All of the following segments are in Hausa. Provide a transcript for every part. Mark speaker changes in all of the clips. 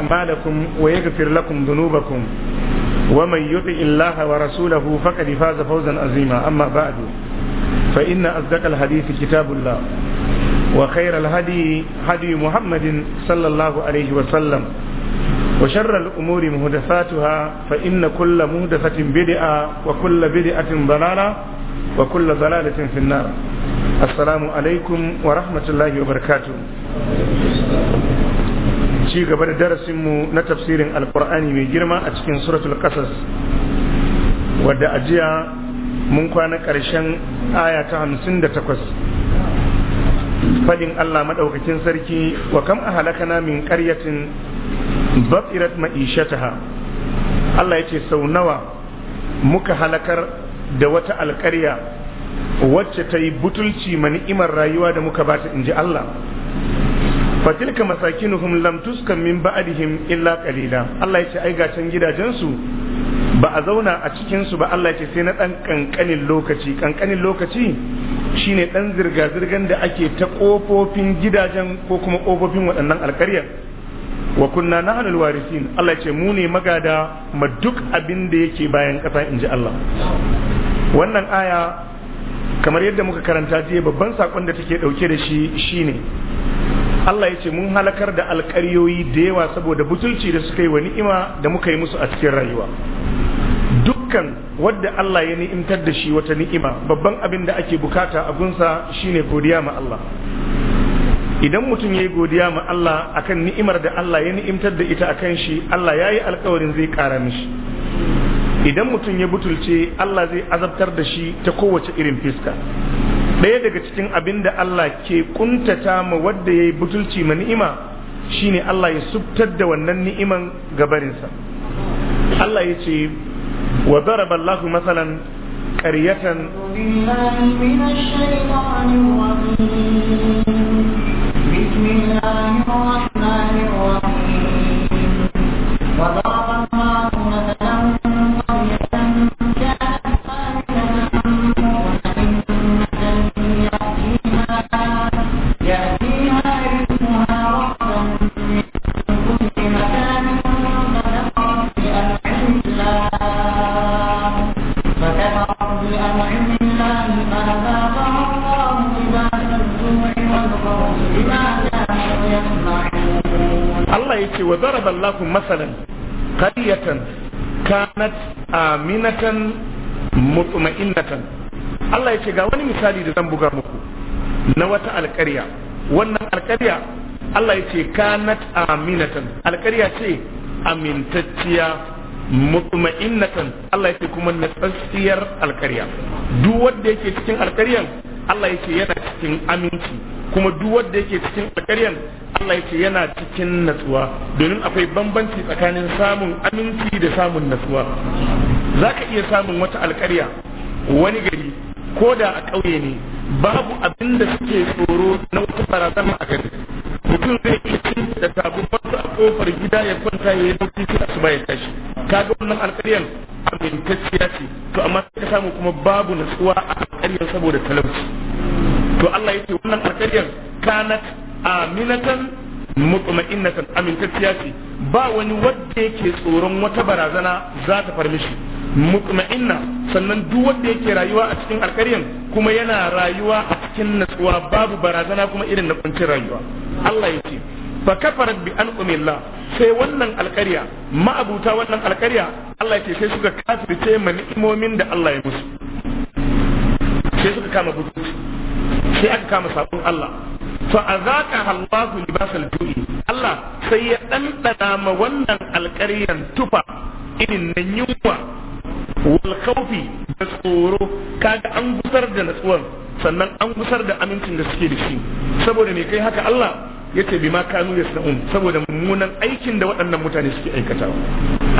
Speaker 1: أعمالكم ويغفر لكم ذنوبكم ومن يطع الله ورسوله فقد فاز فوزا عظيما أما بعد فإن أصدق الحديث كتاب الله وخير الهدي هدي محمد صلى الله عليه وسلم وشر الأمور مهدفاتها فإن كل مهدفة بدعة وكل بدعة ضلالة وكل ضلالة في النار السلام عليكم ورحمة الله وبركاته ci gaba da darasinmu na tafsirin alkur'ani mai girma a cikin suratul ƙasas, wadda ajiya mun kwana ƙarshen aya ta hamsin da takwas Faɗin allah maɗaukakin sarki wa kam a halakana min ƙaryatin batsirat ma'ishataha allah ya ce sau nawa muka halakar da wata alƙarya wacce ta yi butulci ma ni'imar rayuwa da muka bata in ji allah fatilka masakinuhum lam tuskan min ba'dihim illa qalila Allah yace ai gacan gidajensu ba a zauna a cikin su ba Allah yace sai na dan kankanin lokaci kankanin lokaci shine dan zirga zirgan da ake ta kofofin gidajen ko kuma kofofin waɗannan alƙaryar wa kunna nahnu alwarisin Allah yace mu ne magada ma duk abin da yake bayan ƙasa inji Allah wannan aya kamar yadda muka karanta jiya babban sakon da take dauke da shi shine Allah ya ce mun halakar da alƙaryoyi da yawa saboda butulci da suka yi wa ni'ima da muka yi musu a cikin rayuwa dukkan wadda Allah ya ni'imtar da shi wata ni'ima babban abin da ake bukata a gunsa shine godiya ma Allah idan mutum ya yi godiya ma Allah akan ni'imar da Allah ya ni'imtar da ita akan shi Allah ya yi alkawarin zai ƙara mishi idan mutum ya butulce Allah zai azabtar da shi ta kowace irin fiska ɗaya daga cikin abin da Allah ke kuntata ma wadda ya yi butulci ma ni'ima shine Allah ya subtar da wannan ni'iman gabarinsa Allah ya ce wa daraba Allahu masalan qaryatan بسم ضرب الله مثلا قرية كانت آمنة مطمئنة Allah ya ce ga wani misali da zan buga muku na wata alƙarya wannan alƙarya Allah ya ce kanat aminatan alƙarya ce amintacciya mutma'innatan Allah ya ce kuma natsatsiyar alƙarya duk wanda yake cikin alƙaryan Allah ya ce yana cikin aminci kuma duk wanda yake cikin ƙaryan Allah ya ce yana cikin natsuwa domin akwai bambanci tsakanin samun aminci da samun natsuwa za ka iya samun wata alƙarya wani gari ko da a ƙauye ne babu abin da suke tsoro na wata barazana a gari mutum zai iya da sabon wasu a kofar gida ya kwanta ya yi bacci sai asuba ya tashi kaga wannan alƙaryan amintacciya ce to amma sai ka samu kuma babu natsuwa a alƙaryan saboda talauci to Allah ya ce wannan alƙaryan kanat aminatan mutuma'innatan amintacciya ce ba wani wanda yake tsoron wata barazana za ta far mishi mutuma'inna sannan duk wanda yake rayuwa a cikin alkaryan kuma yana rayuwa a cikin natsuwa babu barazana kuma irin na kuncin rayuwa Allah ya ce fa kafarat bi an'umillah sai wannan alƙarya ma'abuta wannan alƙarya Allah ya ce sai suka kafirce ma ni'imomin da Allah ya musu sai suka kama butuci sai aka kama sabon Allah fa azaka Allahu libasal ju'i Allah sai ya dandana ma wannan alƙaryan tufa irin na yunwa wal khawfi da tsoro kaga an gusar da natsuwan sannan an gusar da amincin da suke da shi saboda me kai haka Allah ya ce bima kanu ya sa'un saboda mummunan aikin da waɗannan mutane suke aikatawa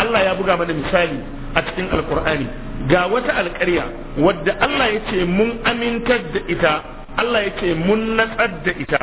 Speaker 1: Allah ya buga mana misali a cikin alkur'ani ga wata alƙarya wadda Allah ya ce mun amintar da ita Allah ya ce mun natsar da ita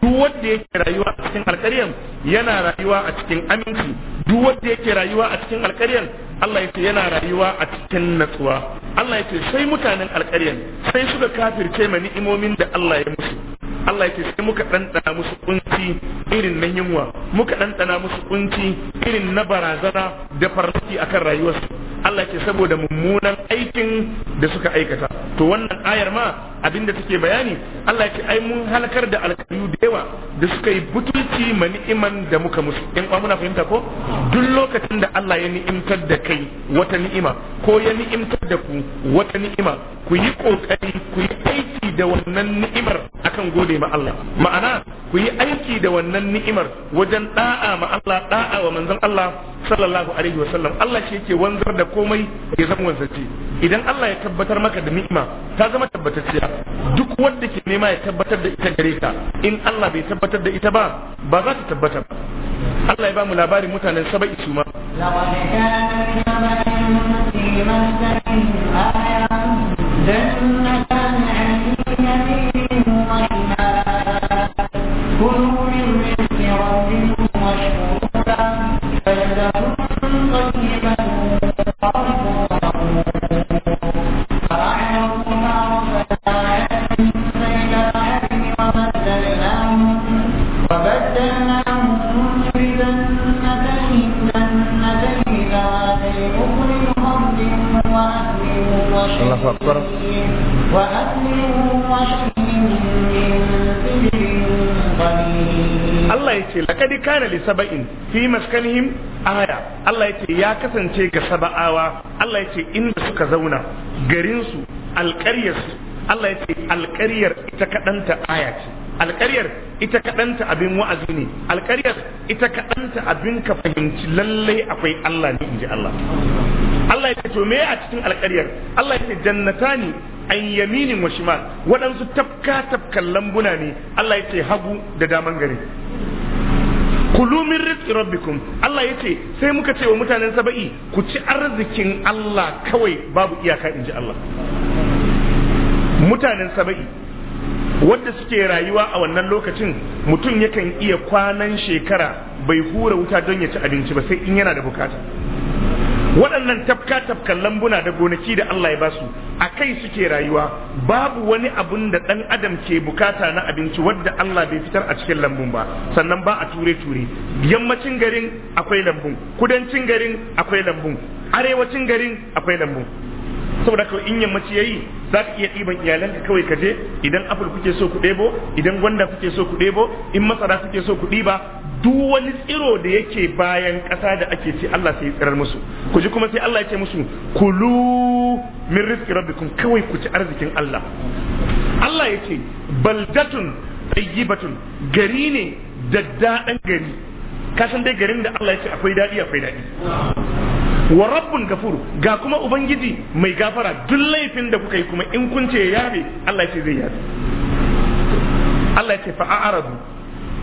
Speaker 1: duk wanda yake rayuwa a cikin alƙaryan yana rayuwa a cikin aminci duk wanda yake rayuwa a cikin alƙaryan Allah ce yana rayuwa a cikin natsuwa Allah ce sai mutanen alƙaryan sai suka kafirce ma ni'imomin da Allah ya musu Allah ce sai muka ɗanɗana musu kunci irin na yunwa muka ɗanɗana musu kunci irin na barazana da a akan rayuwarsu Allah ce saboda mummunan aikin da suka aikata to wannan ayar ma abinda take bayani Allah ya ce ai mun halakar da alkayu da yawa da suka yi butulci ma ni'iman da muka musu in ba muna fahimta ko duk lokacin da Allah ya ni'imtar da kai wata ni'ima ko ya ni'imtar da ku wata ni'ima ku yi kokari ku yi aiki da wannan ni'imar akan gode ma Allah ma'ana ku yi aiki da wannan ni'imar wajen da'a ma Allah da'a wa manzon Allah sallallahu alaihi wasallam Allah shi yake wanzar da komai ya zama wanzarci idan Allah ya tabbatar maka da ni'ima ta zama tabbatacciya duk wanda ke nema ya tabbatar da ita gare ka in Allah bai tabbatar da ita ba ba za ta tabbata ba Allah ya ba mu labarin mutanen saba'i su ma saba'in fi maskanihim aya Allah ya ce ya kasance ga saba'awa Allah ya ce inda suka zauna garinsu alƙaryar su Allah ya ce alkaryar ita kaɗanta aya ce alkaryar ita kaɗanta abin wa'azi ne alkaryar ita kaɗanta abin ka fahimci lallai akwai Allah ne inji Allah Allah ya ce to me a cikin alkaryar? Allah ya ce jannatani an yaminin wa shimal waɗansu tafka tafkan lambuna ne Allah ya ce hagu da daman gari kulu min rizqi rabbikum Allah yace sai muka ce wa mutanen saba'i ku ci arzikin Allah kawai babu iyaka in inji Allah mutanen saba'i wadda suke rayuwa a wannan lokacin mutum yakan iya kwanan shekara bai hura wuta don ya ci abinci ba sai in yana da bukata waɗannan tafka tafkan lambuna da gonaki da Allah ya ba su a kai suke rayuwa babu wani abun da ɗan adam ke bukata na abinci wadda Allah bai fitar a cikin lambun ba sannan ba a ture ture yammacin garin akwai lambun kudancin garin akwai lambun arewacin garin akwai lambun saboda kawai in yammaci yayi za ka iya ɗiban iyalan ka kawai ka je idan apple kuke so ku ɗebo idan gwanda kuke so ku ɗebo in masara kuke so ku ɗiba duk wani tsiro da yake bayan ƙasa da ake ce Allah sai tsirar musu ku ji kuma sai Allah ya ce musu kulu min rizqi rabbikum kawai ku ci arzikin Allah Allah ya ce baldatun tayyibatun gari ne da daddaɗan gari Ka san dai garin da Allah ya ce akwai daɗi akwai daɗi wa rabbun gafur ga kuma ubangiji mai gafara duk laifin da kuka yi kuma in kun ce yabe Allah ya ce zai yabe Allah ya ce fa'aradu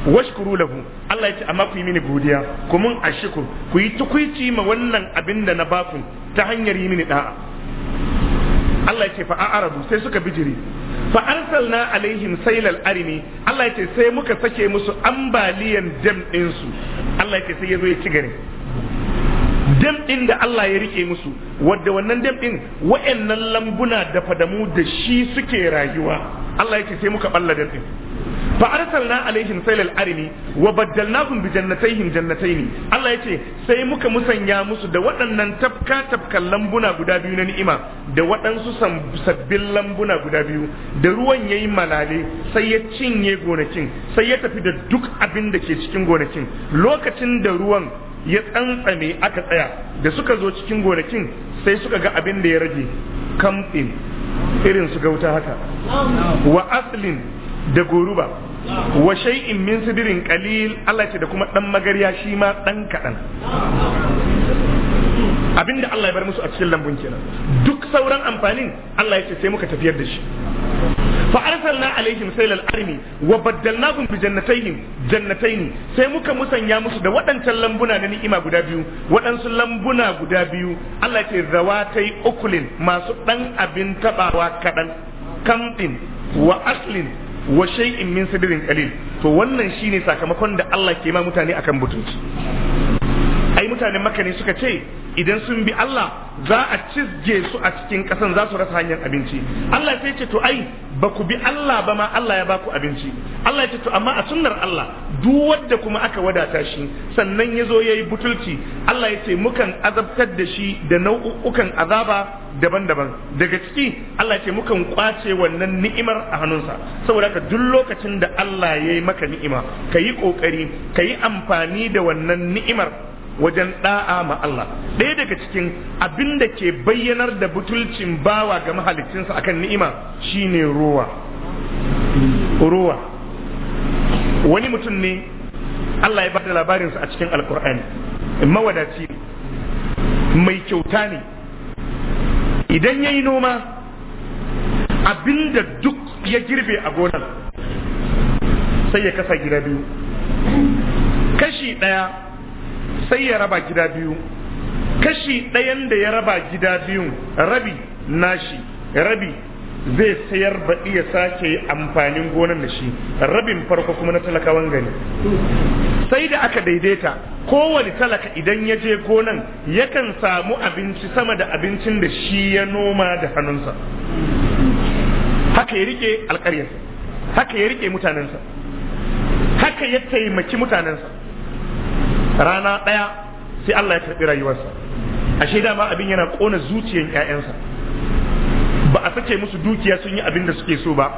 Speaker 1: washkuru lahu Allah yace amma ku yi mini godiya ku mun ashiku ku yi tukuici ma wannan abin da na baku ta hanyar yi mini da'a Allah yace fa a'radu sai suka bijiri fa arsalna alaihim sailal arimi Allah yace sai muka sake musu ambaliyan dam din su Allah yace sai yazo ya ci gare dam din da Allah ya rike musu wadda wannan dam din wa'annan lambuna da fadamu da shi suke rayuwa Allah yake sai muka balla dantsin fa arsalna alaihim sailal arimi wa baddalnahum bi jannatayhim jannatayn Allah yace sai muka musanya musu da waɗannan tafka tafkan lambuna guda biyu na ni'ima da waɗansu sabbin lambuna guda biyu da ruwan yayi malale sai ya cinye gonakin sai ya tafi da duk abin da ke cikin gonakin lokacin da ruwan ya tsantsame aka tsaya da suka zo cikin gonakin sai suka ga abin da ya rage kamfin irin su gauta haka wa aslin da goruba wa shay'in min sidirin qalil Allah ce da kuma dan magarya shi ma dan kadan abinda Allah ya bar musu a cikin lambun kenan duk sauran amfanin Allah ya ce sai muka tafiyar da shi fa arsalna alaihim sailal armi wa baddalnahum bi jannatai jannatayn sai muka musanya musu da waɗancan lambuna na ni'ima guda biyu waɗansu lambuna guda biyu Allah ce zawatai okulin masu ɗan abin taɓawa kaɗan kamdin wa aslin wa shay'in min sidrin ƙalil to wannan shine sakamakon da Allah ke ma mutane akan butunci ai mutanen makani ne suka ce idan sun bi Allah za a cizge su a cikin ƙasan za su rasa hanyar abinci Allah sai ce to ai ba ku bi Allah ba ma Allah ya ba ku abinci Allah ya ce to amma a sunnar Allah duk wanda kuma aka wadata shi sannan ya zo ya yi butulci Allah ya ce mukan azabtar da shi da nau'ukan azaba daban-daban daga ciki Allah ya ce mukan kwace wannan ni'imar a hannunsa saboda ka duk lokacin da Allah ya maka ni'ima ka yi ƙoƙari ka yi amfani da wannan ni'imar wajen da'a ma Allah ɗaya daga cikin abin da ke bayyanar da butulcin bawa ga mahalicinsa akan ni'ima shine ruwa ruwa wani mutum ne Allah ya ba bada labarinsa a cikin alkur'ani mawadaci mai kyauta ne idan ya yi noma da duk ya girbe a gonar sai ya kasa gida biyu kashi ɗaya sai ya raba gida biyu kashi ɗayan da ya raba gida biyu rabi nashi rabi zai sayar baɗi ya sake amfanin gonan da shi rabin farko kuma na talakawan gani sai da aka daidaita kowane talaka idan ya je gonan yakan samu abinci sama da abincin da shi ya noma da hannunsa haka ya rike alƙaryarsa haka ya rike mutanensa haka ya taimaki mutanensa rana ɗaya sai Allah ya karɓi rayuwarsa ashe ma abin yana kona zuciyan ƴaƴansa ba a sace musu dukiya sun yi abin da suke so ba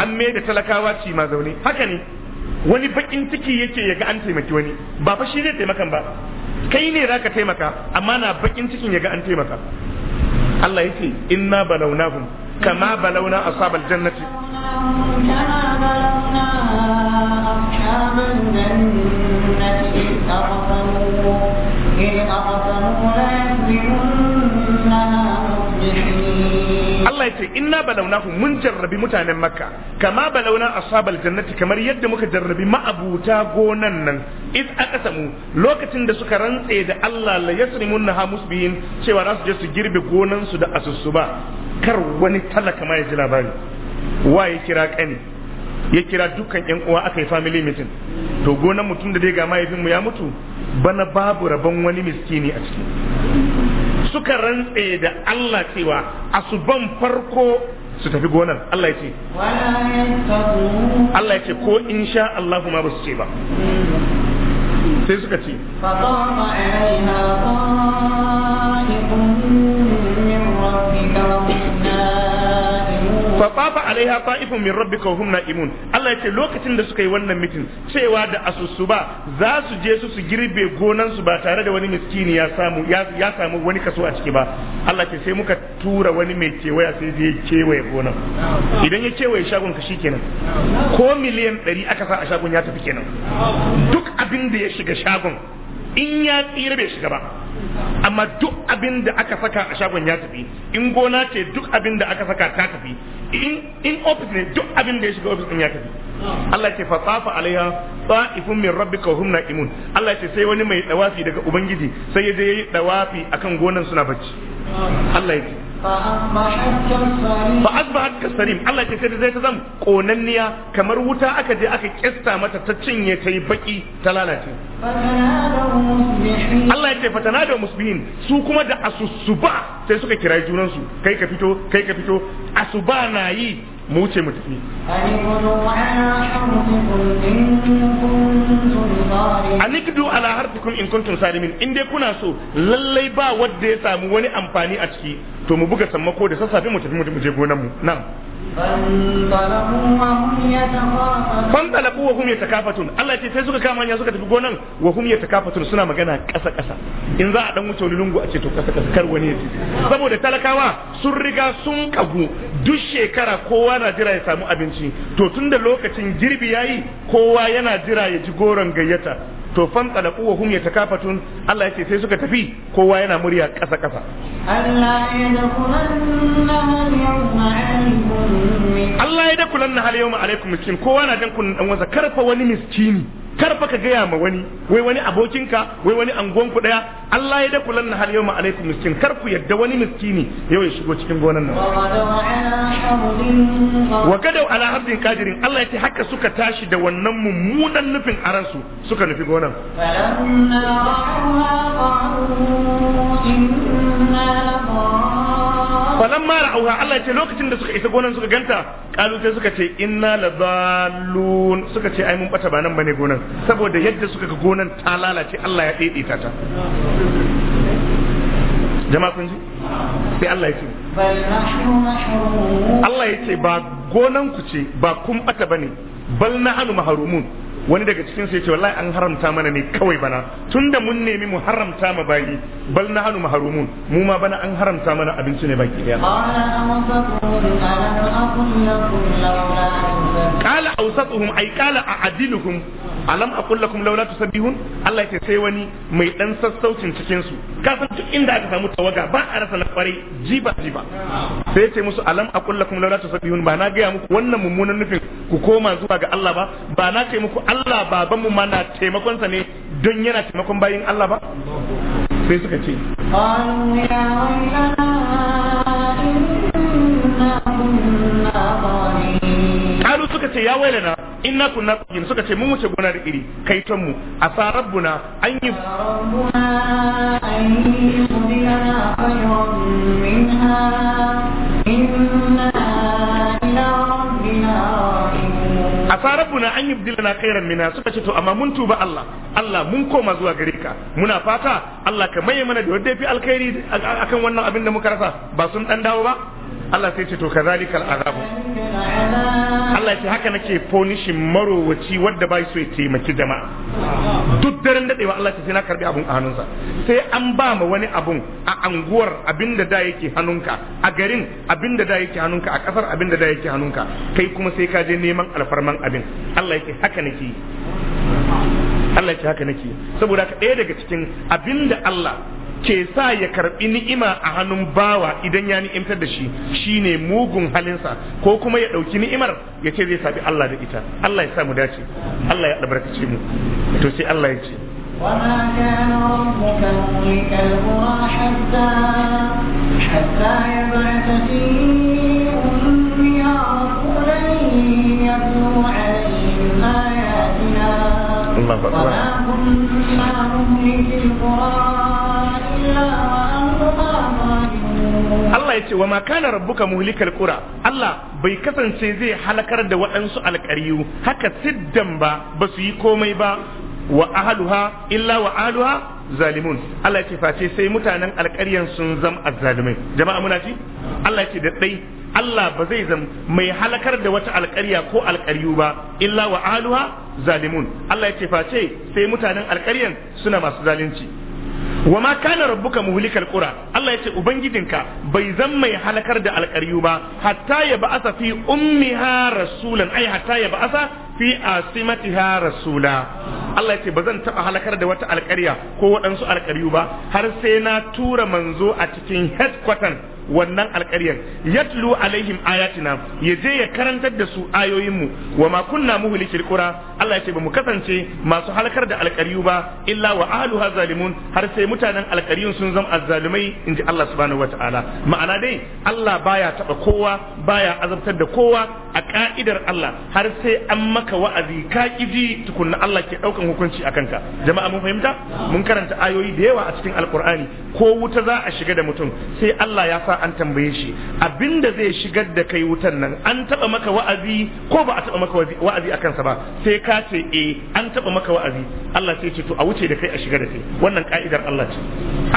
Speaker 1: an mai da talakawa ci ma zaune haka ne wani baƙin ciki yake yaga an taimaki wani ba fa shi zai taimakan ba kai ne zaka taimaka amma na bakin cikin ya ga an taimaka Allah yake inna balawnahum كما بلونا أصاب الجنة
Speaker 2: كما بلونا أصحاب الجنة إذ أقسموا إذ أقسموا
Speaker 1: Allah ya ce inna balawnahum mun jarrabi mutanen makka kama balawna ashabal jannati kamar yadda muka jarrabi ma'abuta gonan nan iz aqsamu lokacin da suka rantse da Allah la yasrimunna ha musbihin cewa za su je su girbe gonan su da ba kar wani talaka ma ya ji labari wa ya kira kani ya kira dukkan yan uwa aka yi family meeting to gonan mutum da dai ga mahaifinmu ya mutu bana babu rabon wani miskini a ciki suka rantse da Allah cewa asuban farko su tafi gonar Allah ya ce Allah ya ko in sha Allah kuma ba su ce ba sai suka ce alaiha ta'ifun min rabbika hum na'imun Allah ya ce lokacin da suka yi wannan mitin cewa da asusuba za su je su su girbe gonan su ba tare da wani miskini ya samu ya samu wani kaso a ciki ba Allah ce sai muka tura wani mai cewaya sai je cewaye gonan idan ya cewaye shagon ka shikenan ko miliyan 100 aka sa a shagon ya tafi kenan duk abin da ya shiga shagon in ya tsira bai shiga ba amma duk abin da aka saka a shagon ya tafi in gona ce duk abin da aka saka ta tafi in office ne duk abin da ya shiga office din ya tafi Allah ce fa tafa alaiha ta'ifun min rabbika hum na'imun Allah ce sai wani mai dawafi daga ubangiji sai ya je yayi dawafi akan gonan suna bacci Allah ya ce fa asbahat kasarim Allah ya ce zai ta zama konanniya kamar wuta aka je aka kista mata ta cinye ta yi baki ta lalace Allah ya ce fatana da musbihin su kuma da asusuba sai suka kira junansu kai ka fito kai ka fito asuba na yi mu wuce mu tafi anikdu ala harfikum in kuntum salimin in dai kuna so lallai ba wanda ya samu wani amfani a ciki to mu buga sammako da sassafe mu tafi mu je gonan mu na'am fanqalabu wa hum yatakafatun Allah ce sai suka kama hanya suka tafi gonan wa hum yatakafatun suna magana kasa kasa in za a dan wuce wani lungu a ce to kasa kasa kar wani yaji saboda talakawa sun riga sun kagu duk shekara kowa na jira ya samu abinci to tunda lokacin girbi yayi kowa yana jira ya ji goron gayyata to fan talaku wa hum yatakafatun Allah yace sai suka tafi kowa yana murya kasa kasa
Speaker 2: Allah ya
Speaker 1: dakulanna hal yawma alaikum miskin kowa na jan kun dan wasa karfa wani miskini kar fa ka gaya ma wani wai wani abokinka wai wani angon ku daya Allah ya da na hal yawma alaikum miskin kar ku yadda wani miskini yau ya shigo cikin gonan nan wa kada ala habdin kadirin Allah ya ce haka suka tashi da wannan mummunan nufin aransu suka nufi gonan falan mara auha Allah ce lokacin da suka isa gonan suka ganta kalu sai suka ce inna ladallun suka ce ai mun bata ba nan bane gonan saboda yadda suka ga gonan ta lalace Allah ya dade ta jama'a kun ji sai Allah ya ce Allah ya ce ba gonan ku ce ba kun bata bane bal nahnu maharumun wani daga cikin sai ce wallahi an haramta mana ne kawai bana tunda mun nemi mu haramta ma bayi bal na hanu maharumun mu ma bana an haramta mana abinci ne baki daya qala awsatuhum ay qala a'diluhum alam aqul lakum la tusabbihun Allah ya sai wani mai dan sassaucin cikin su ka duk inda aka samu tawaga ba a rasa na jiba jiba sai ya ce musu alam aqul lakum la tusabbihun ba na ga muku wannan mummunan nufin ku koma zuwa ga Allah ba ba na ce muku Allah babanmu mana taimakon sa ne don yana taimakon bayin Allah ba sai suka ce kalu suka ce ya wailana inna kunna qin suka ce mun wuce gona iri kai ton mu a sa rabbuna an a rabbuna an yubdilana kairan mina suka ce to amma mun tuba Allah Allah mun koma zuwa gare ka muna fata Allah ka maye mana da wanda yafi alkhairi akan wannan abin da muka rasa ba sun dan dawo ba Allah sai ce to kazalikal azabu Allah ce haka nake ponishin marowaci wadda bai so ya taimaki
Speaker 3: jama'a
Speaker 1: duk daren dadewa Allah ce na karbi abun a hannunsa sai an ba ma wani abun a anguwar abinda da yake hannunka a garin abinda da yake hannunka a kasar abinda da yake hannunka kai kuma sai ka je neman alfarman abin Allah ya ce haka nake Allah ya ce haka nake saboda ka daya daga cikin abinda Allah ke sa ya karbi ni'ima a hannun bawa idan ya ni'imtar da shi shine mugun halinsa ko kuma ya dauki ni'imar ya ce zai sabi Allah da ita Allah ya sa mu dace Allah ya albarkace mu to sai Allah ya ce
Speaker 2: وما كان ربك مهلك القرى حتى حتى يبعث في أمها رسولا يتلو عليهم آياتنا
Speaker 1: وما كنا Allah ya ce wa ma kana rabbuka muhlikal qura Allah bai kasance zai halakar da waɗansu alƙaryu haka siddan ba ba su yi komai ba wa ahluha illa wa ahluha zalimun Allah ya ce face sai mutanen alƙaryan sun zam azzalimai jama'a muna ci Allah ya ce da dai Allah ba zai zam mai halakar da wata alƙarya ko alƙaryu ba illa wa ahluha zalimun Allah ya ce face sai mutanen alƙaryan suna masu zalunci wa ma kana rabbuka muhlikal qura Allah yace ubangijinka bai zan mai halakar da alƙaryu ba hatta ya ba'asa fi ummiha rasulan ai hatta ya ba'asa fi asimatiha rasula Allah yace ba zan taɓa halakar da wata alƙarya ko waɗansu alƙaryu ba har sai na tura manzo a cikin headquarters wannan alƙaryar yatlu alaihim ayatina ya je ya karantar da su ayoyinmu wa ma kunna muhlikil qura Allah ya ce bamu kasance masu halkar da alƙaryu ba illa wa ahluha zalimun har sai mutanen alƙaryun sun zama azzalumai inji Allah subhanahu wataala ma'ana dai Allah baya taba kowa baya azabtar da kowa a ka'idar Allah har sai an maka wa'azi ka kiji tukunna Allah ke daukan hukunci a kanka jama'a mun fahimta mun karanta ayoyi da yawa a cikin Alƙur'ani ko wuta za a shiga da mutum sai Allah ya sa an tambaye shi abinda zai shigar da kai wutan nan an taba maka wa'azi ko ba a taba maka wa'azi akan sa ba sai ka ce eh an taba maka wa'azi Allah sai ce to a wuce da kai a shiga da kai wannan ka'idar Allah ce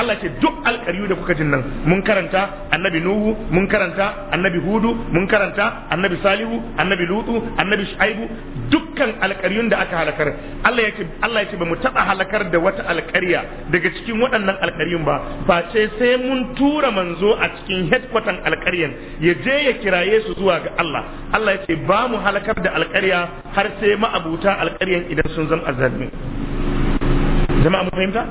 Speaker 1: Allah ce duk alkariyu da kuka jin nan mun karanta annabi nuhu mun karanta annabi hudu mun karanta annabi salihu annabi lutu annabi shu'aibu dukkan alkariyun da aka halakar Allah ya ce Allah ya bamu taba halakar da wata alkariya daga cikin waɗannan alkariyun ba face sai mun tura manzo a cikin cikin headquarter alkaryan ya je ya kiraye su zuwa ga Allah Allah ya ce ba mu halakar da alƙarya har sai ma'abuta alkaryan idan sun zama azalmi jama'a mu fahimta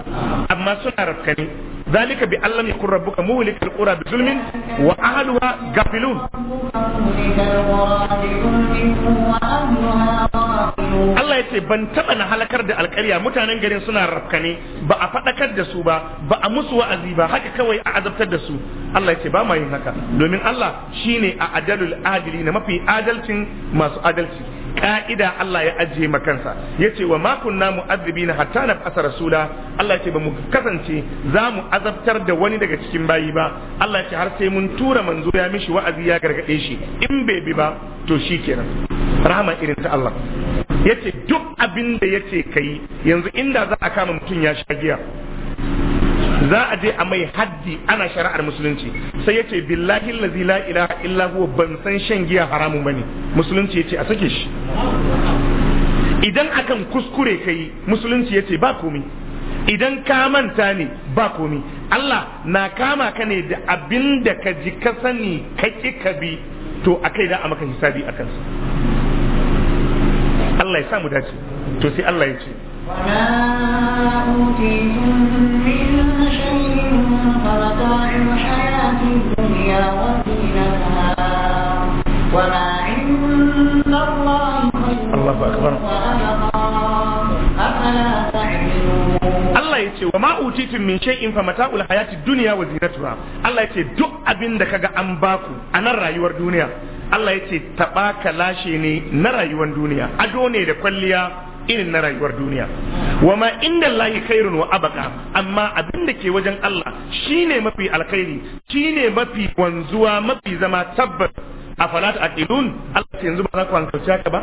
Speaker 1: amma suna rafkani ذلك بأن لم يكن ربك مهلك القرى بظلم وأهلها غافلون Allah ya ce ban taɓa na halakar da alƙarya mutanen garin suna rafkane ba a faɗakar da su ba ba a musu wa'azi ba haka kawai a azabtar da su Allah ya ce ba ma yin haka domin Allah shine a adalul adili na mafi adalcin masu adalci ka'ida Allah ya ajiye ma kansa yace wa ma kunna mu'azzibina hatta nab'asa rasula Allah yace ba mu kasance za mu azabtar da wani daga cikin bayi ba Allah yace har sai mun tura manzo ya mishi wa'azi ya gargaɗe shi in bai bi ba to kenan rahama irin ta Allah yace duk abin da yace kai yanzu inda za a kama mutum ya sha giya za a je a mai haddi ana shari'ar musulunci sai ya ce billahi lazi la ilaha illa huwa ban san shan giya haramun bane musulunci ya ce a sake shi idan akan kuskure kai musulunci ya ce ba komi idan ka manta ne ba komi Allah na kama ka ne da abin da ka ji ka sani ka ki ka bi to a kai da a maka hisabi a kansa Allah ya samu dace to sai Allah ya ce
Speaker 2: ومتاع الحياة الدنيا وزينتها
Speaker 1: وما min shay'in fa mata'ul hayati dunya wa zinatuha Allah yace duk abin da kaga an baku a nan rayuwar duniya Allah yace ce taɓa lashe ne na rayuwar duniya ado ne da kwalliya irin na rayuwar duniya Wama ma inda Allahi khairun wa abaka amma abin da ke wajen Allah shine mafi alkhairi shine mafi wanzuwa mafi zama tabbas a falat aqilun Allah yanzu ba za ku hankalci haka ba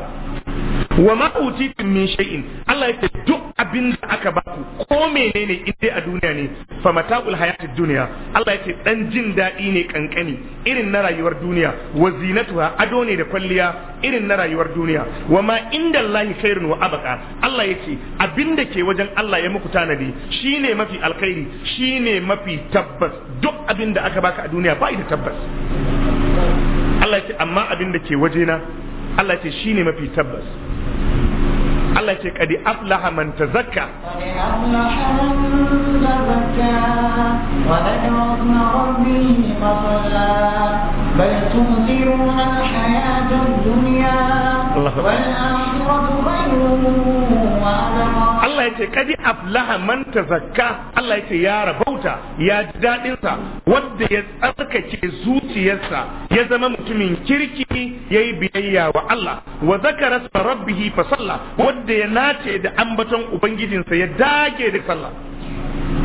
Speaker 1: wa ma utitum min shay'in Allah yake duk abin da aka baku ko menene in dai a duniya ne fa mata'ul hayatid dunya Allah yake dan jin dadi ne kankani irin na rayuwar duniya wa zinatuha ado ne da kwalliya irin na rayuwar duniya wa ma inda Allah khairun wa abqa Allah yake abin da ke wajen Allah ya muku tanadi shine mafi alkhairi shine mafi tabbas duk abin da aka baka a duniya ba da tabbas Allah yake amma abin da ke wajena Allah ce shine mafi tabbas Allah ce kadi aflaha man tazakka Allah Allah ya ce kadi aflaha man tazakka Allah ya ce ya rabauta ya ji daɗinsa sa wanda ya tsarkake zuciyarsa ya zama mutumin kirki yayi biyayya wa Allah wa zakara rabbih fa salla wanda ya nace da ambaton ubangijinsa ya dage da sallah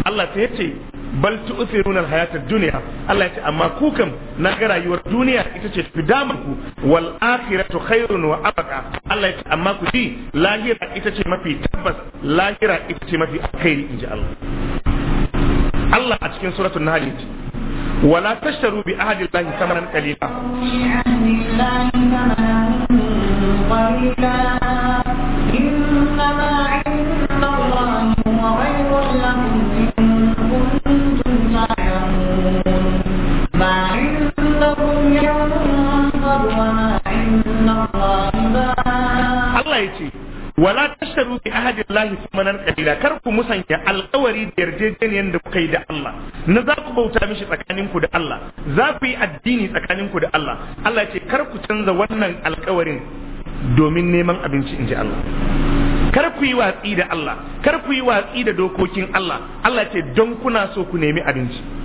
Speaker 1: Allah ta yace bal tu'thiruna al-hayata ad-dunya Allah ya ce amma ku kam na ga rayuwar duniya ita ce tafi damar ku wal akhiratu khairun wa abqa Allah ya ce amma ku ji lahira ita ce mafi tabbas lahira ita ce mafi alkhairi inji Allah Allah a cikin suratul nahl ya ce wala tashtaru bi ahdi Allah thamanan qalila kuma nan kalila kar ku musanya alkawari da yarjejeniyar da kuka yi da Allah na za ku bauta mishi tsakaninku da Allah za ku yi addini tsakanin ku da Allah Allah ce kar ku canza wannan alkawarin domin neman abinci in ji Allah kar ku yi watsi da Allah kar ku yi watsi da dokokin Allah Allah ce don kuna so ku nemi abinci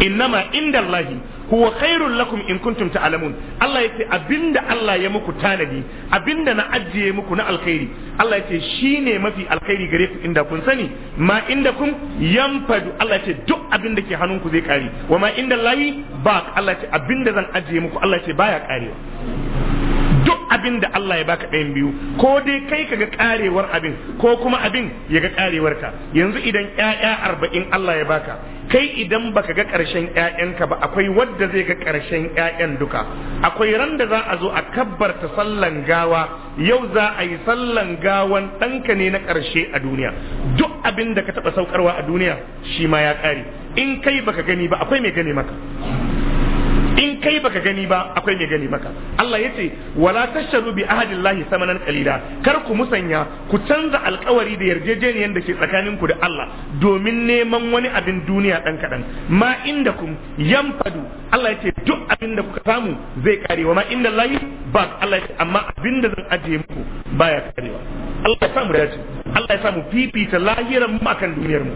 Speaker 1: innama inda Allahi huwa khairul lakum in kuntum ta'lamun Allah yace abinda Allah ya muku tanadi abinda na ajiye muku na alkhairi Allah yace shine mafi alkhairi gare ku inda kun sani ma inda kun yanfadu Allah yace duk abinda ke hannun ku zai kare wa ma inda Allahi ba Allah yace abinda zan ajiye muku Allah yace baya karewa duk abin da Allah ya baka ɗayan biyu ko dai kai ka ga karewar abin ko kuma abin ya ga karewar ka yanzu idan ƴaƴa arba'in Allah ya baka kai idan baka ga ƙarshen ƴaƴanka ba akwai wadda zai ga ƙarshen ƴaƴan duka akwai ran da za a zo a kabbarta sallan gawa yau za a yi sallan gawan ɗanka ne na ƙarshe a duniya duk abin da ka taɓa saukarwa a duniya shi ma ya ƙare in kai baka gani ba akwai mai gane maka kai baka gani ba akwai mai gani maka Allah ya ce wala tasharu bi ahadillahi samanan qalila kar ku musanya ku canza alkawari da yarjejeniyar da ke tsakanin ku da Allah domin neman wani abin duniya dan kadan ma indakum yanfadu Allah ya ce duk abin da kuka samu zai karewa ma inda lahi ba Allah ya ce amma abin da zan ajiye muku baya karewa Allah ya samu dace Allah ya samu fifita lahiran mu akan duniyar mu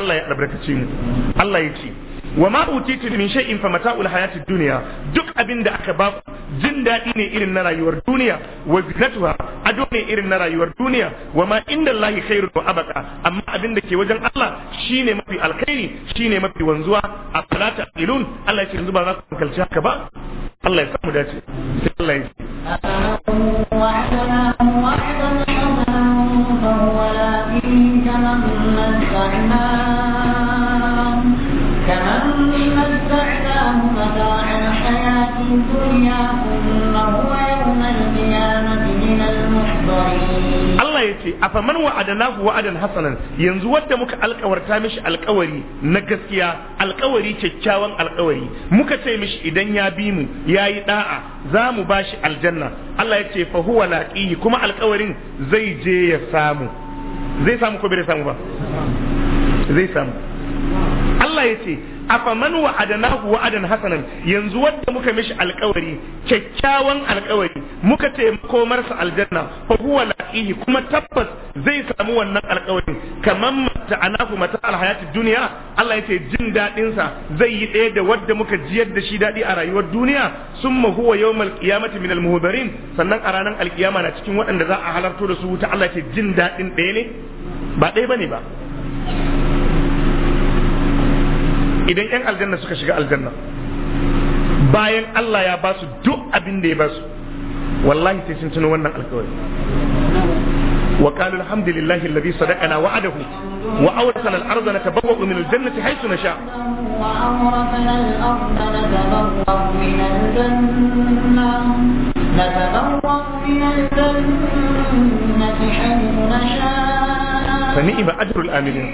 Speaker 1: Allah ya albarkace mu Allah ya ce وما أوتيت من شيء فمتاع الحياة الدنيا دك أبين ده أكباب جن دا إني إرن نرى دنيا وزنتها أدوني إرن نرى دنيا وما إن الله خير وأبقى أما أبين ده كيوجن الله شين مبي الخير شين مبي ونزوى أبلا تأكلون الله يشين زبا غاكم كالجا كبا الله يسام داتي سي الله يسام
Speaker 2: وإياكم وهو يوم القيامة من
Speaker 1: Allah ya ce, "Afa man wa'adanahu wa'adan Hassanan yanzu wadda muka alkawarta mishi alkawari na gaskiya, alkawari kyakkyawan alkawari, muka ce mishi idan ya bi mu ya yi ɗa'a za mu ba shi aljanna." Allah ya ce, "Fahuwa laƙihi kuma alkawarin zai je ya samu." Zai samu ko bai samu ba? Zai samu. Allah ya ce afaman wa'adnahu wa'adan hasanan yanzu wanda muka mishi alƙawari kyakkyawan alƙawari muka ce makomarsa aljanna fa huwa laqihi kuma tabbas zai samu wannan alƙawarin kaman mata'anahu mata alhayati duniya Allah ya ce jin daɗin sa zai yi ɗaya da wanda muka jiyar da shi daɗi a rayuwar duniya summa huwa yawmal qiyamati min almuhdarin sannan a ranar alkiyama na cikin waɗanda za a halarto da su wuta Allah ya ce jin daɗin ɗaya ne ba ɗaya bane ba idan yan aljanna suka shiga aljanna bayan Allah ya basu duk abin da ya ba wallahi sai sun tuno wannan alkawari wa qalu alhamdulillahi alladhi sadaqana wa'adahu wa awrasana al-ardha natabawwa'u min al-jannati haythu nasha sani ima ajrul amilin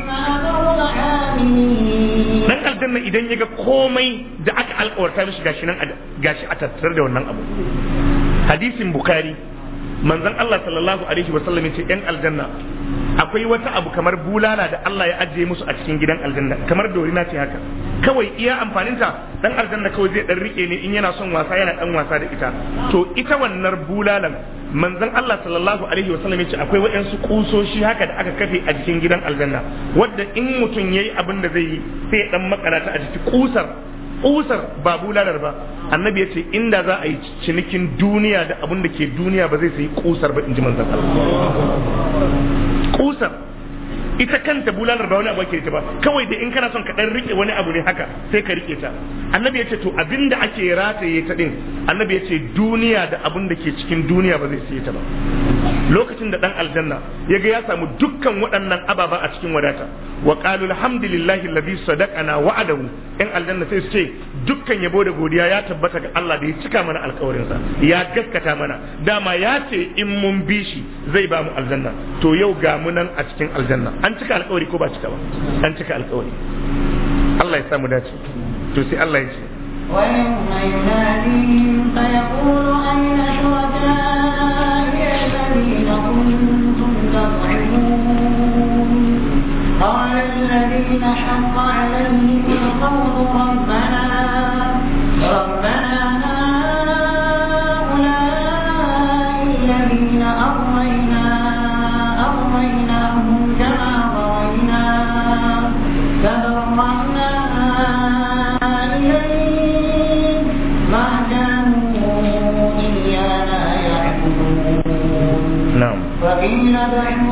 Speaker 1: dan aljanna idan ya ga komai da aka alƙawarta mishi gashi nan gashi a tattar da wannan abu hadisin bukhari manzon Allah sallallahu alaihi wa ya ce yan aljanna akwai wata abu kamar bulala da Allah ya ajiye musu a cikin gidan aljanna kamar dorina ce haka kawai iya amfaninta dan aljanna kawai zai dan rike ne in yana son wasa yana dan wasa da ita to ita wannan bulalan manzon Allah sallallahu alaihi wasallam yace akwai waɗansu kusoshi haka da aka kafe a cikin gidan aljanna wanda in mutum yayi abin da zai yi sai dan makarata a cikin kusar Kusar ba bulalar ba annabi ya ce inda za a yi cinikin duniya da abin da ke duniya ba zai sayi kusar ba in ji manzan Allah Kusar ita kanta bulalar ba wani abu ake ta ba kawai da in kana son ka dan rike wani abu ne haka sai ka rike ta annabi ya ce to abin da ake rataye ta din annabi ya ce duniya da abin da ke cikin duniya ba zai sai ta ba lokacin da dan aljanna ya ga ya samu dukkan waɗannan ababa a cikin wadata wa qalu alhamdulillahi alladhi sadaqana wa'adahu in aljanna sai su ce dukkan yabo da godiya ya tabbata ga Allah da ya cika mana alƙawarin sa ya gaskata mana dama ya ce in mun bi shi zai ba mu aljanna to yau ga mu nan a cikin aljanna an cika alƙawari ko ba cika ba an cika alƙawari Allah ya samu dace to sai Allah ya ce ويوم fa yaqulu anna شركائي
Speaker 2: قال الذين حق عليهم القول ربنا ربنا هؤلاء الذين أغوينا أغويناهم كما غوينا تبرأنا إليك ما كانوا إيانا يعبدون نعم وقيل بعد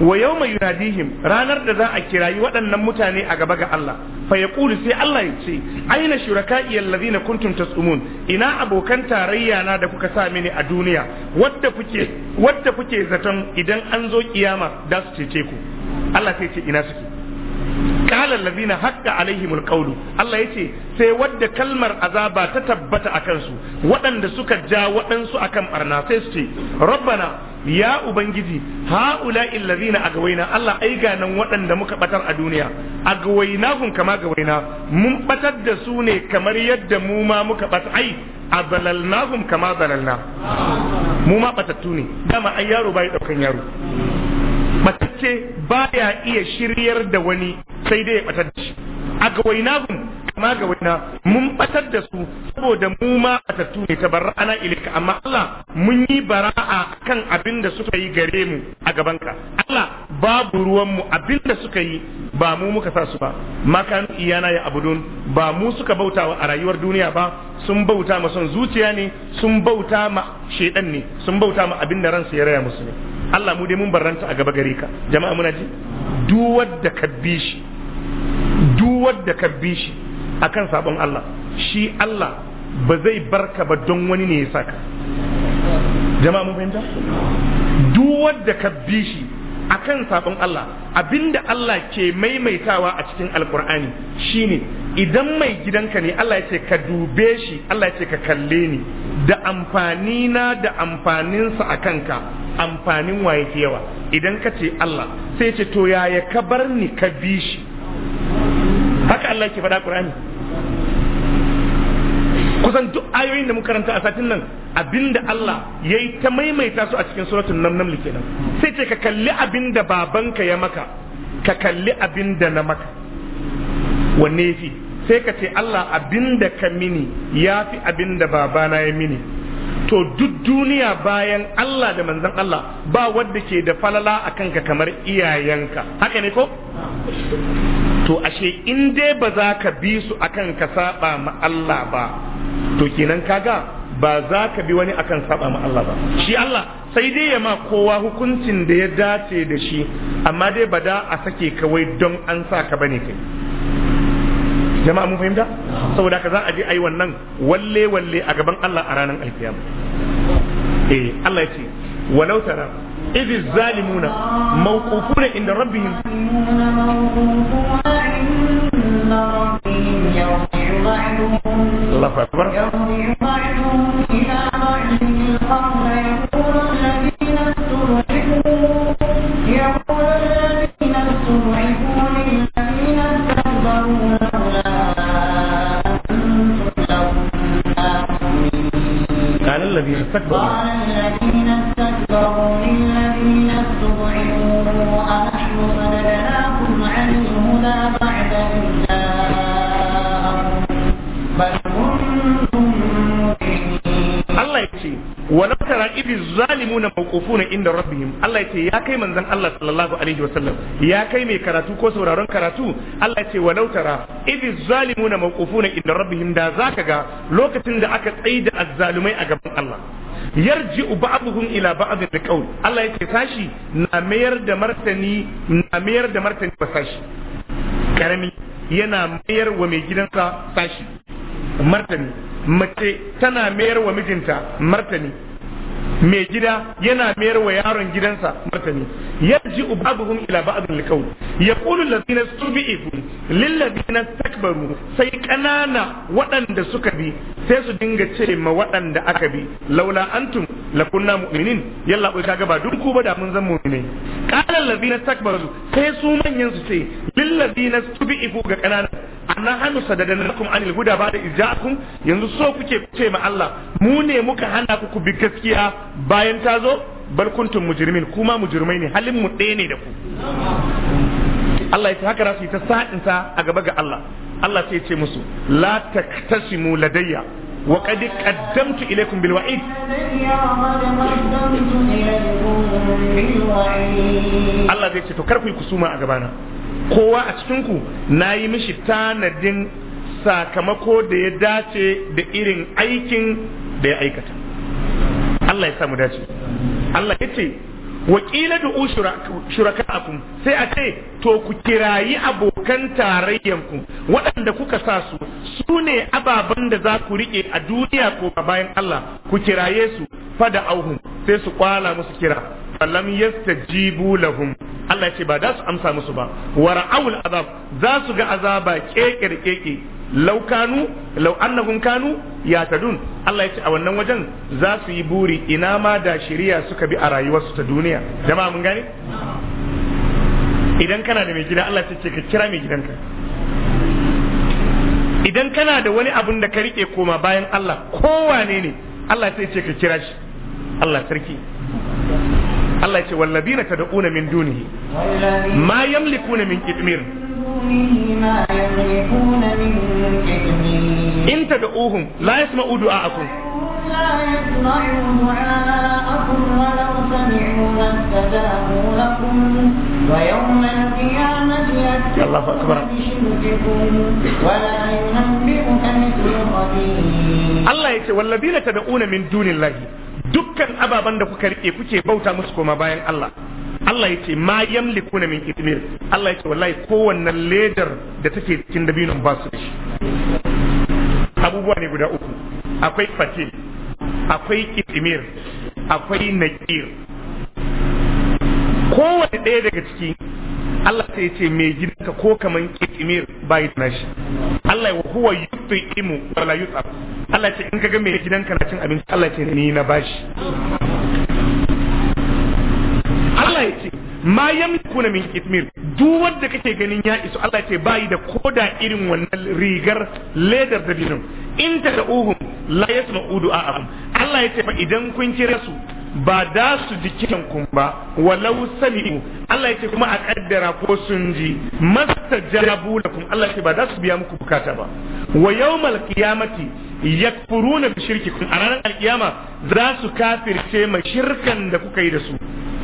Speaker 1: wa yawma yunadihim ranar da za a kirayi waɗannan mutane a gaba ga Allah fa ya ƙuli sai Allah ya ce aina shuraka'i alladhina kuntum tasumun ina abokan tarayya na da kuka sa mini a duniya wadda kuke wadda kuke zaton idan an zo kiyama da su cece ku Allah sai ce ina suke قال الذين حق عليهم Allah ya ce sai wadda kalmar azaba ta tabbata akan su waɗanda suka ja waɗansu akan barna sai su ce rabbana ya ubangiji haula a agawaina Allah ai ga nan waɗanda muka batar a duniya agawaina kun kama gawaina mun batar da su ne kamar yadda mu ma muka batar ai abalalnahum kama balalna mu ma batattu ne dama ai yaro bai daukan baya iya shiryar da wani sai dai ya da shi kama ga wani mun batar da su saboda mu ma tattu ne ta ana ilika amma Allah mun yi bara'a kan abin da suka yi gare mu a gaban ka Allah babu ruwan mu abin da suka yi ba mu muka sa su ba makan iyana ya abudun ba mu suka bauta wa a rayuwar duniya ba sun bauta ma son zuciya ne sun bauta ma shedan ne sun bauta ma abin da ransu ya raya musu ne Allah mu dai mun barranta a gaba gare ka jama'a muna ji duwar da ka bi duwar da ka shi akan sabon Allah shi Allah ba zai barka ba don wani ne ya saka jama'a mun fahimta duk wanda ka bi shi akan sabon Allah abinda Allah ke maimaitawa a cikin alkur'ani shine idan mai gidanka ne Allah ya ce ka dube shi Allah ya ce ka kalle ni da amfani na da amfaninsa a kanka amfanin waye ke yawa idan kace Allah sai ce to yaya ka bar ni ka bi shi haka Allah ke faɗa Qur'ani kusan duk ayoyin da muka karanta a satin nan abinda Allah ya yi ta maimaita su a cikin suratun nan namli kenan sai ce ka kalli abinda babanka ya maka ka kalli abinda na maka wanne fi sai ka ce Allah abinda ka mini ya fi abinda babana ya mini to duk duniya bayan Allah da manzon Allah ba wanda ke da falala a kanka kamar iyayenka haka ne ko to ashe in dai ba za ka bi su akan ka saba ma Allah ba to kenan kaga ba za ka bi wani akan saba ma Allah ba shi Allah sai dai ya ma kowa hukuncin da ya dace da shi amma dai ba da a sake kawai don an sa ka bane kai jama'a mun fahimta saboda ka za a je ai wannan walle walle a gaban Allah a ranar alkiyama eh Allah ya ce walau tara إذ الظالمون موقوفون عند ربهم الله أكبر rabbihim Allah yace ya kai manzon Allah sallallahu alaihi wasallam ya kai mai karatu ko sauraron karatu Allah yace walau tara idh zalimuna mawqufuna inda rabbihim da zaka ga lokacin da aka tsaida azzalumai a gaban Allah yarji ba'dhum ila ba'd Allah yace na mayar da martani na mayar da martani ba sashi karami yana mayar wa mai gidansa sashi martani mace tana mayar wa mijinta martani mai gida yana mayar wa yaron gidansa martani ji ubabuhum ila ba'dil ya qulu allazina stubi'u lil ladina takbaru sai kanana waɗanda suka bi sai su dinga ce ma waɗanda aka bi laula antum lakunna mu'minin yalla ko kaga ba dun ku ba da mun zan mu'minai qala allazina takbaru sai su manyan su ce lil ladina stubi'u ga kanana na hannu sadadannakum anil guda ba da ija'akum yanzu so kuke ce ma Allah mu ne muka hana ku ku bi gaskiya bayan ta zo bal kuntum mujrimin kuma mujrimai ne halin mu ɗaya ne da ku Allah ya ce haka rasu ta sa'in sa a gaba ga Allah Allah sai ya ce musu la taktasimu ladayya wa qad qaddamtu ilaykum bil wa'id Allah zai ce to kar ku yi kusuma a gabana kowa a cikinku na yi mishi tanadin sakamako da ya dace da irin aikin da ya aikata Allah ya samu dace Allah ya ce wakila da u akun, sai a ce to ku kirayi abokan tarayyanku waɗanda kuka sa su su ne ababen da za ku riƙe a duniya ko bayan Allah ku kiraye su fada auhun, sai su kwala musu kira falam jibu lahum Allah ya ce ba za su amsa musu ba wa ra'awul azab za su ga azaba kekere keke law kanu law annahum kanu tadun Allah ya ce a wannan wajen za su yi buri ina ma da shari'a suka bi a rayuwarsu ta duniya jama'a mun gane idan kana da mai gida Allah ya ce ka kira mai gidanka idan kana da wani abun da ka rike koma bayan Allah kowane ne Allah ya ce ka kira shi Allah sarki Allah ya ce wallazina tad'una min dunihi ma yamlikuna min qitmir in tad'uhum la yasma'u du'aakum
Speaker 2: الله أكبر الله يقول
Speaker 1: والذين تدعون من دون الله dukkan ababen da kuka rike kuke bauta musu koma bayan Allah Allah yace ma na min itmir Allah yace wallahi kowannen ledar da take cikin dabinun ba su shi abubuwa ne guda uku akwai fatil akwai itmir akwai nakir kowane ɗaya daga ciki Allah sai ce mai gidanka ko kaman kitmir bai nashi Allah wa huwa yutimu wala yutab Allah ce in kaga mai gidanka na cin abinci Allah ce ni na bashi Allah ya ce ma yamkuna min kitmir duk wanda kake ganin ya isu Allah ce bayi da koda irin wannan rigar ledar da binin in ta da uhum la yasma'u du'a'ahum Allah ya ce fa idan kun kira su ba da su ji kiran ba walau sami'u Allah yake kuma a kaddara ko sun ji mastajabu lakum Allah yake ba da su biya muku bukata ba wa yawmal qiyamati yakfuruna bi shirkikum a ranar alkiyama za su kafirce ma shirkan da kuka yi da su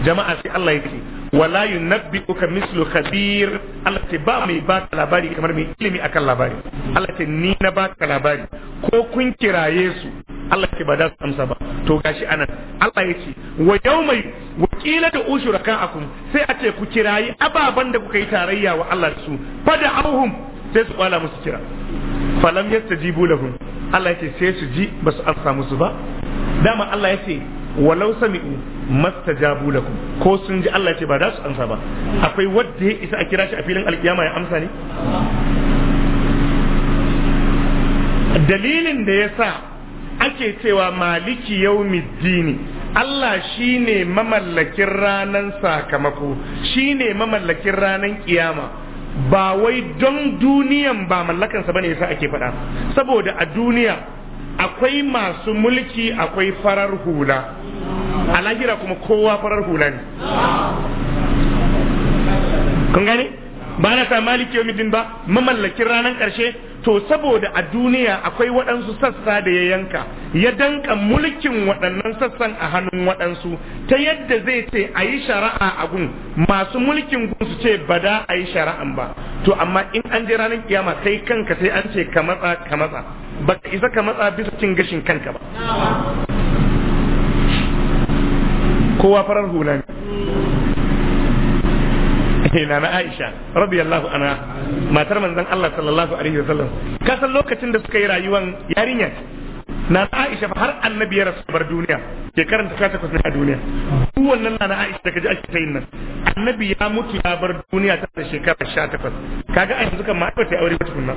Speaker 1: jama'a sai Allah yake wala yunabbi'uka mislu khabir Allah ce ba mai ba labari kamar mai ilimi akan labari Allah ce ni na ba labari ko kun kiraye su Allah ce ba da su amsa ba to gashi anan Allah ya ce wa yaumai wa kila da kan ushurakakum sai a ce ku kirayi ababan da kuka yi tarayya wa Allah da su fada auhum sai su kwala musu kira falam yastajibu lahum Allah ya ce sai su ji ba su amsa musu ba dama Allah ya ce walau sami'u mastajabu lakum ko sun ji Allah ya ce ba da su amsa ba akwai wanda ya isa a kira shi a filin alkiyama ya amsa ne dalilin da ya sa ake cewa maliki yau middini Allah shi ne mamallakin ranan sakamako shi ne mamallakin ranan kiyama ba wai don duniyan ba mallakansa bane yasa ake faɗa saboda a duniya akwai masu mulki akwai farar hula a lahira kuma kowa farar hula ne kun gani ba na sa maliki yawmiddin ba mamallakin ranar karshe to saboda a duniya akwai waɗansu sassa da ya yanka ya danka mulkin waɗannan sassan a hannun waɗansu ta yadda zai ce a yi shari'a a gun masu mulkin gun su ce ba da a yi shari'an ba to amma in an je ranar kiyama sai kanka sai an ce ka matsa ka matsa ba ka isa ka matsa bisa cin gashin kanka ba kowa farar hula ne na na Aisha radiyallahu anha matar manzon Allah sallallahu alaihi wasallam ka san lokacin da suka yi rayuwar yarinya na Aisha har annabi ya rasu bar duniya shekaran ta takwas ne duniya duk wannan na Aisha da kaji ake tayin nan annabi ya mutu ya bar duniya ta shekara 18 kaga ai yanzu kan ma ta aure ba tukunna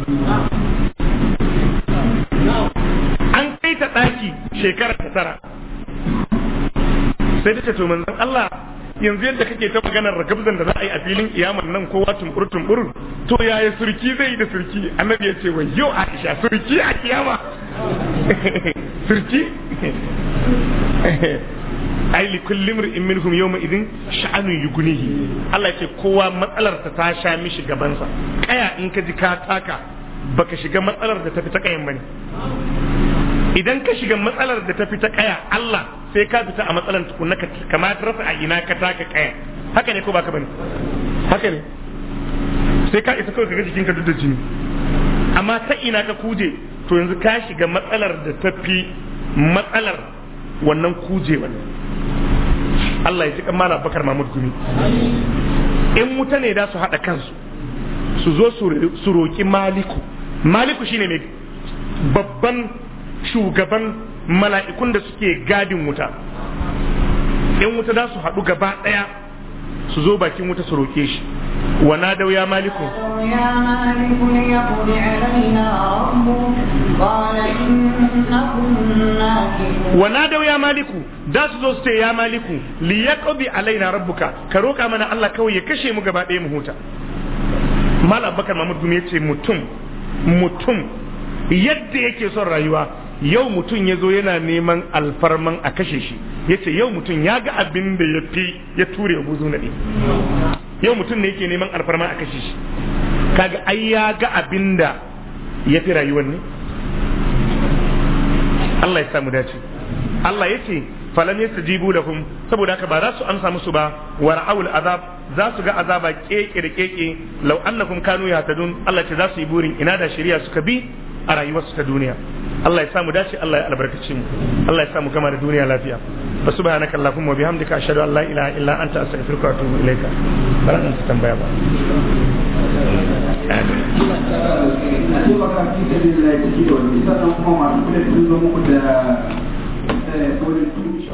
Speaker 1: an kai ta daki shekara ta tara sai ta to manzon Allah yanzu yadda kake ta maganar ragabzan da za a yi a filin iyaman nan kowa tumbur tumbur to yaya surki zai yi da surki annabi ya ce wai yau aisha surki a kiyama surki ai li kulli imrin minhum yawma idin sha'anun yugunihi Allah ce kowa matsalar ta ta sha mishi gabansa kaya in ka ji ka taka baka shiga matsalar da ta fi ta kayan bane idan ka shiga matsalar da ta fi ta kaya Allah sai ka fita a matsalar tukunna ka ta rasa a ina ka taka kaya haka ne ko ba ka bane haka ne sai ka isa kawai ga jikin ka duk da jini amma ta ina ka kuje to yanzu ka shiga matsalar da ta fi matsalar wannan kuje wannan Allah ya ji kan mala bakar Mahmud Gumi in wuta ne da su haɗa kansu su zo su roƙi maliku maliku shine mai babban shugaban mala'ikun da suke gadin wuta yan wuta za su haɗu gaba ɗaya su zo bakin wuta su roƙe shi wa na dau ya maliku wa na dau ya maliku da su zo su ce ya maliku li ya alaina rabbuka ka roƙa mana Allah kawai ya kashe mu gaba ɗaya mu huta mal Bakar mahmud gumi ce mutum mutum yadda yake son rayuwa yau mutum ya zo yana neman alfarman a kashe shi ya ce yau mutum ya ga abin da ya fi ya ture ya buzu naɗi yau mutum ne yake neman alfarman a kashe shi kaga ai ya ga abin da ya fi rayuwar ne Allah ya samu dace Allah ya ce falam yastajibu kun saboda haka ba za su amsa musu ba wa ra'awul azab za su ga azaba keke da keke law annakum kanu tadun Allah ce za su yi burin ina da shari'a suka bi a rayuwarsu ta duniya Allah ya samu dace Allah ya albarkace mu Allah ya samu gama da duniya lafiya fa subhanaka allahumma wa bihamdika ashhadu an la ilaha illa anta astaghfiruka wa atubu ilayka baran ta tambaya ba sannan